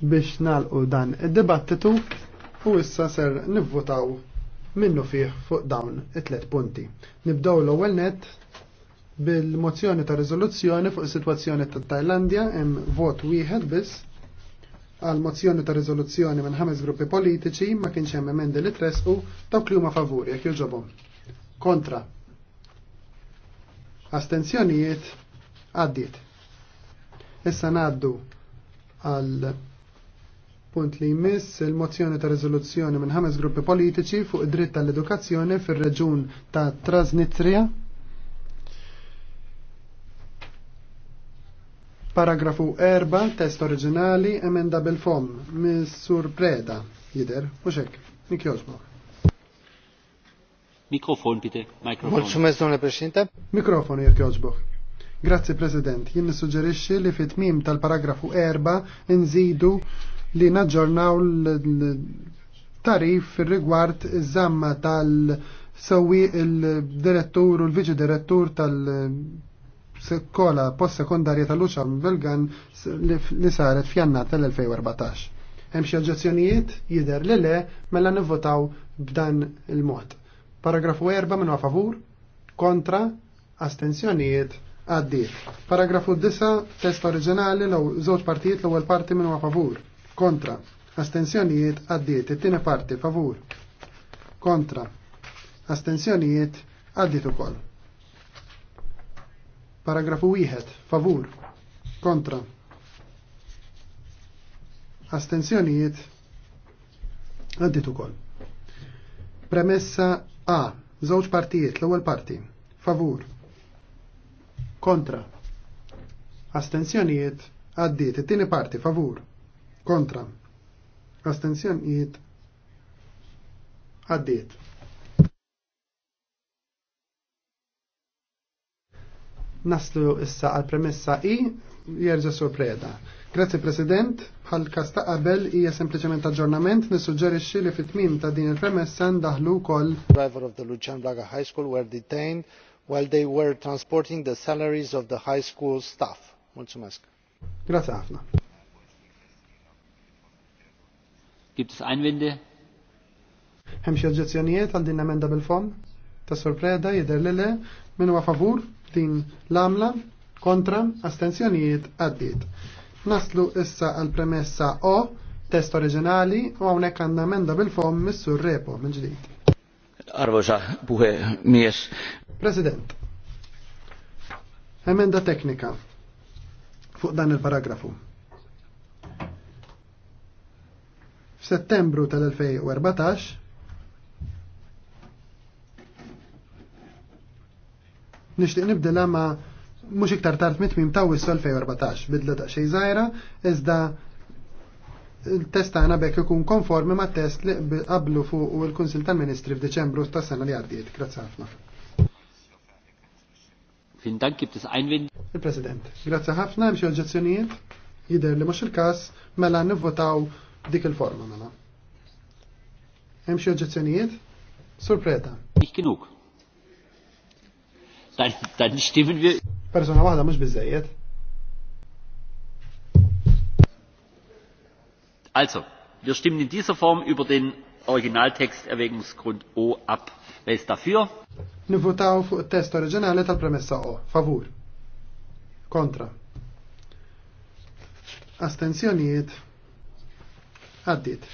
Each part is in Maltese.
biex nalqu dan id-dibattitu u issa ser nivvotaw minnu fih fuq dawn it-tlet punti. Nibdaw l-ewwel net bil-mozzjoni ta' riżoluzzjoni fuq is-sitwazzjoni ta' Tajlandja hemm vot wieħed biss għal mozzjoni ta' riżoluzzjoni minn ħames gruppi politiċi ma kienx hemm emendi li tresqu dawk li huma favuri jekk jogħġobhom. Kontra. Astenzjonijiet għaddiet. Issa ngħaddu għal Punt li jmiss il-mozzjoni ta' rezoluzzjoni minn ħames gruppi politiċi fuq id-dritt tal-edukazzjoni fir-reġun ta' Trasnitria. Paragrafu 4, test oriġinali, emenda bil-fom, mis-sur preda, jider, u xek, nikjożbok. Mikrofon, Peter, mikrofon. Mulċumez, domnule Presidente. Mikrofon, jirkjożbok. Grazie, President. Jien nissuġġerixxi li fit-tmim tal-paragrafu 4 nżidu li naġġornaw l-tarif rigward iż-żamma tal-sewi il-direttur u l-viċi direttur tal-sekola post-sekundarja sekundarja tal uċa Belgan li saret fjanna tal-2014. Hemm xi oġġezzjonijiet jidher li le mela nivvotaw b'dan il-mod. Paragrafu 4 minnu favur, kontra, astensjonijiet, għaddiet. Paragrafu 9, test oriġinali, l żewġ partijiet l-ewwel parti minnu favur kontra, Astenzjonijiet għaddiet, it-tieni parti favur, kontra, astenzjonijiet għaddiet ukoll. Paragrafu wieħed, favur, kontra, Astenzjonijiet għaddiet ukoll. Premessa A, żewġ partijiet, l-ewwel parti, favur, kontra, Astenzjonijiet għaddiet, it-tieni parti, favur, kontra jiet għaddiet. Naslu issa għal premessa i jerġa' sorpreda. Grazie President, bħal kasta ta' qabel hija sempliċement aġġornament nissuġġerixxi li fit-tmiem ta' din il-premessa ndaħlu wkoll driver of the Lucian Braga High School were detained while they were transporting the salaries of the high school staff. Mulțumesc. Grazie ħafna. Gibt es Einwände? Hemm xi oġġezzjonijiet għal din emenda bil fond Ta' sorpreda jidher li min huwa favur din l-amla kontra astenzjonijiet għaddiet. Naslu issa għal premessa O, test oriġinali, u hawnhekk għandna emenda bil-fom mis-sur repo minn ġdid. Arvoġa buħe mies. President, emenda teknika fuq dan il-paragrafu. Settembru tal-2014 nixtieq nibdilha ma' mhux iktar tard mitmim ta' wissu 2014 bidla ta' xej żgħira iżda il-test tagħna bekk ikun konformi ma' test li qablu fuq il-Kunsil tal-Ministri f'Deċembru tas-sena li għaddiet. Grazzi ħafna. Fintan kif Einwend. Il-President, grazzi ħafna, hemm xi oġġezzjonijiet? Jidher li mhux il-każ mela nivvotaw dik il-forma mela. Hemm xi oġġezzjonijiet? Surpreta. Ikkinuk. Tad nixtiven Persona waħda mhux biżejjed. Also, wir stimmen in dieser Form über den Originaltext Erwägungsgrund O ab. Wer ist dafür? Nivutaw fuq test originale tal-premessa O. Favur. Kontra. Astenzjonijiet għaddit.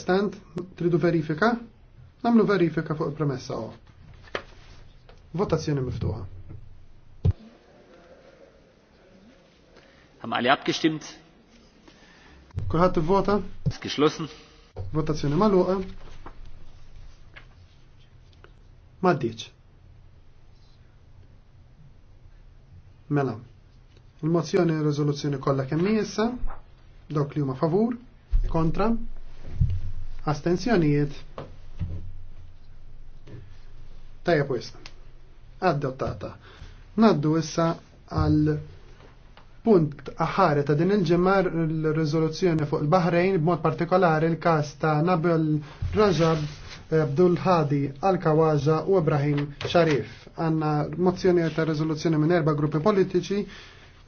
stand tridu verifika? Namlu verifika fuq il-premessa o. Oh. Votazzjoni miftuħa. Haben alle abgestimmt? Kurħat ivvota? vota geschlossen. Votazzjoni maluqa? Maddiċ. Mela. Il-mozzjoni u e riżoluzzjoni kollha kemm issa, dok li huma favur, kontra, astenzjonijiet. Tajja pwis. Adottata. Naddu issa għal punt aħar ta' din il-ġemmar l-rezoluzzjoni fuq il-Bahrejn b'mod partikolari l-kas ta' Nabil Rajab eh, Abdul Hadi Al-Kawaja u Ibrahim Sharif. Għanna mozzjoni ta' rezoluzzjoni minn erba' gruppi politiċi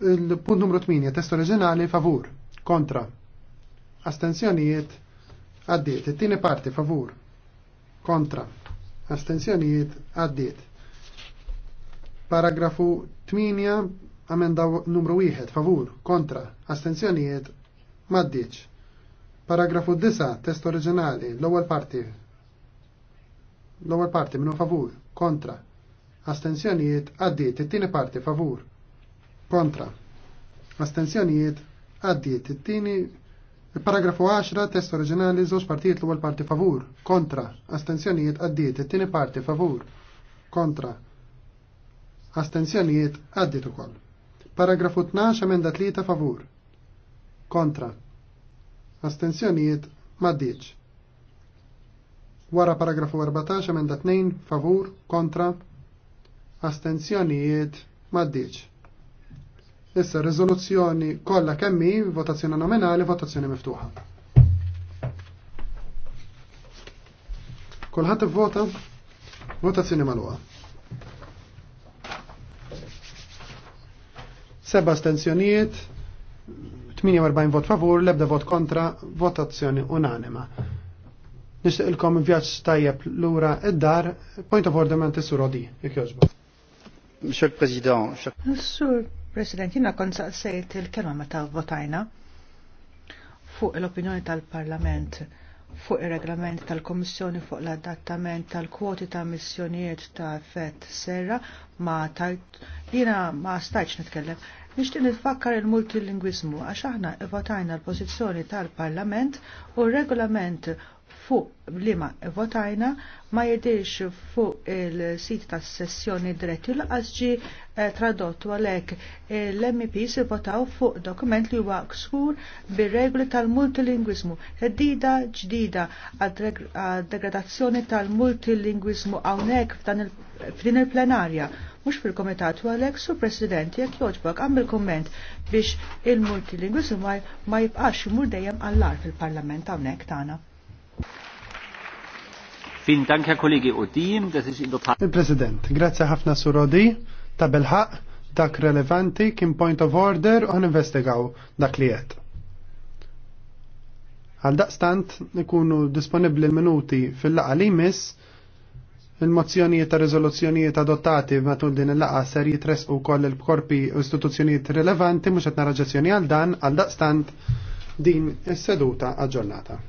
Il-punt numru 8, test oriġinali, favur, kontra. Astenzjonijiet, għaddiet. it tini parti, favur, kontra. Astenzjonijiet, għaddiet. Paragrafu 8, amenda numru 1, favur, kontra. Astenzjonijiet, maddiċ. Paragrafu 9, test oriġinali, l-ewwel parti. L-ewwel parti minnu favur, kontra. Astenzjonijiet, għaddiet. it tini parti, favur, kontra. Astenzjonijiet għaddiet it-tieni Il-paragrafu 10, test oriġinali, żewġ partijiet l għol parti favur, kontra, astenzjonijiet għaddiet, it-tieni parti favur, kontra, astenzjonijiet għaddiet ukoll. Paragrafu 12, emenda 3 favur, kontra, astenzjonijiet maddiċ. Wara paragrafu 14, emenda 2 favur, kontra, astenzjonijiet maddiċ. Issa riżoluzzjoni kollha kemmi votazzjoni nominali, votazzjoni miftuħa. Kulħadd ivvota, votazzjoni magħluqa. Seba' astensjonijiet, 48 vot favur, l-ebda vot kontra, votazzjoni unanima. Nixtieq ilkom vjaġġ tajjeb lura id-dar, point of order man tisur Odi, jekk jogħġbu. Monsieur le Président, Monsieur President, jina kon saqsejt il-kelma meta votajna fuq l-opinjoni tal-Parlament fuq ir-reglament tal-Komissjoni fuq l-adattament tal-kwoti ta' missjonijiet ta' fett serra ma ta' jina ma stajċ nitkellem. Nixtieq nifakkar il-multilingwiżmu għax aħna votajna l-pożizzjoni tal-Parlament u r-regolament fuq blima votajna ma jedirx fuq il-sit ta' sessjoni Dretti l-qas eh, tradottu għalek l-MPs votaw fuq dokument li huwa ksur bir regli tal-multilingwizmu, teddida ġdida għad-degradazzjoni tal-multilingwizmu għawnek f'din il-plenarja mux fil-komitat u għalek su president jek joġbak għam bil komment biex il-multilingwizmu ma jibqax imur dejjem għallar fil-parlament għawnek tana. Fin danka kollegi Il-President, grazie ħafna sur Odi, ta' belħaq, dak relevanti kien point of order u investigaw dak li jett. Għal stant, nikunu disponibli l-minuti fil-laqa li mis, il-mozzjonijiet ta' rezoluzzjonijiet adottati matul din il-laqa ser u koll il-korpi u istituzzjonijiet rilevanti mhux qed naraġazzjoni għal dan għal stant, din is-seduta aġġornata.